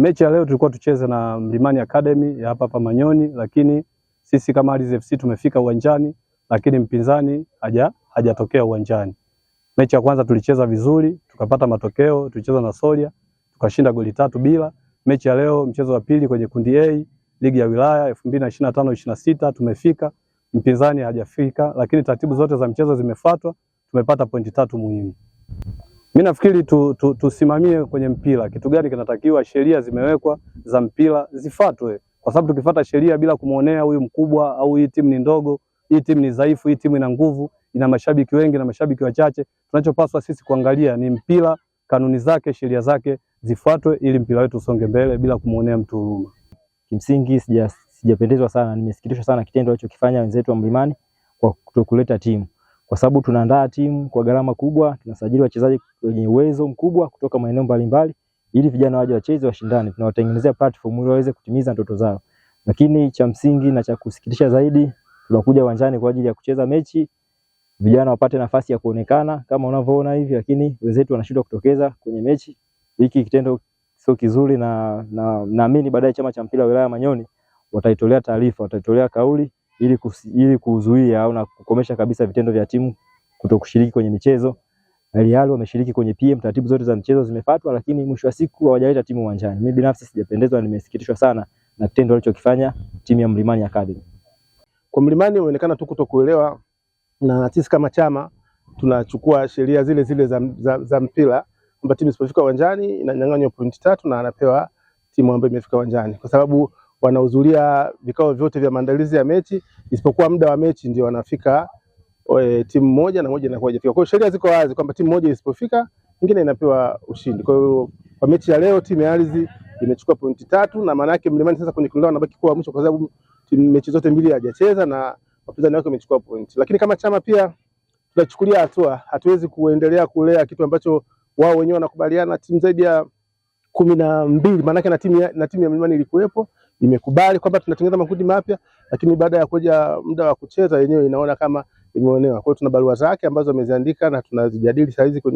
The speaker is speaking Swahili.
Mechi ya leo tulikuwa tucheze na Mlimani Academy ya hapa hapa Manyoni, lakini sisi kama Aris FC tumefika uwanjani, lakini mpinzani haja hajatokea uwanjani. Mechi ya kwanza tulicheza vizuri, tukapata matokeo, tulicheza na Soria, tukashinda goli tatu bila. Mechi ya leo mchezo wa pili kwenye kundi A, ligi ya wilaya 2025 26 tumefika, mpinzani hajafika, lakini taratibu zote za mchezo zimefuatwa, tumepata pointi tatu muhimu mi nafikiri tu, tu, tusimamie kwenye mpira, kitu gani kinatakiwa. Sheria zimewekwa za mpira zifuatwe, kwa sababu tukifuata sheria bila kumwonea huyu mkubwa au hii timu ni ndogo, hii timu ni dhaifu, hii timu ina nguvu, ina mashabiki wengi na mashabiki wachache, tunachopaswa sisi kuangalia ni mpira, kanuni zake, sheria zake zifuatwe, ili mpira wetu usonge mbele bila kumwonea mtu huruma. Kimsingi sijapendezwa sana, nimesikitishwa sana kitendo alichokifanya wenzetu wa Mlimani kwa kutokuleta timu kwa sababu tunaandaa timu kwa gharama kubwa, tunasajili wachezaji wenye uwezo mkubwa kutoka maeneo mbalimbali, ili vijana waje wacheze, washindane. Tunawatengenezea platform ili waweze kutimiza ndoto zao, lakini cha msingi na cha kusikitisha zaidi, tunakuja uwanjani kwa ajili ya kucheza mechi, vijana wapate nafasi ya kuonekana kama unavyoona hivi, lakini wenzetu wanashindwa kutokeza kwenye mechi. Hiki kitendo sio kizuri, na naamini na baadaye chama cha mpira wa wilaya Manyoni wataitolea taarifa, wataitolea kauli ili, kus, ili kuzuia au na kukomesha kabisa vitendo vya timu kuto kushiriki kwenye michezo. Real wameshiriki kwenye PM, taratibu zote za mchezo zimefuatwa, lakini mwisho wa siku hawajaleta timu uwanjani. Mimi binafsi sijapendezwa, nimesikitishwa sana na kitendo walichokifanya timu ya Mlimani Academy. Kwa Mlimani imeonekana tu kutokuelewa, na sisi kama chama tunachukua sheria zile zile za, za, za mpira kwamba timu isipofika uwanjani inanyang'anywa pointi tatu na anapewa timu ambayo imefika uwanjani kwa sababu wanahudhuria vikao vyote vya maandalizi ya mechi, isipokuwa muda wa mechi ndio wanafika e, timu moja na moja inakuwa hajafika. Kwa hiyo sheria ziko wazi kwamba timu moja isipofika nyingine inapewa ushindi. Kwa hiyo kwa mechi ya leo timu ya Ardhi imechukua pointi tatu, na maana yake Mlimani sasa kwenye kundi anabaki kuwa mwisho, kwa sababu timu mechi zote mbili hajacheza na wapinzani wake wamechukua pointi. Lakini kama chama pia tunachukulia hatua, hatuwezi kuendelea kulea kitu ambacho wao wenyewe wanakubaliana timu zaidi ya kumi na mbili maanake na timu na timu ya Mlimani ilikuwepo imekubali kwamba tunatengeneza makundi mapya, lakini baada ya kuja muda wa kucheza yenyewe inaona kama imeonewa. Kwa hiyo tuna barua zake ambazo ameziandika na tunazijadili saizi kwenye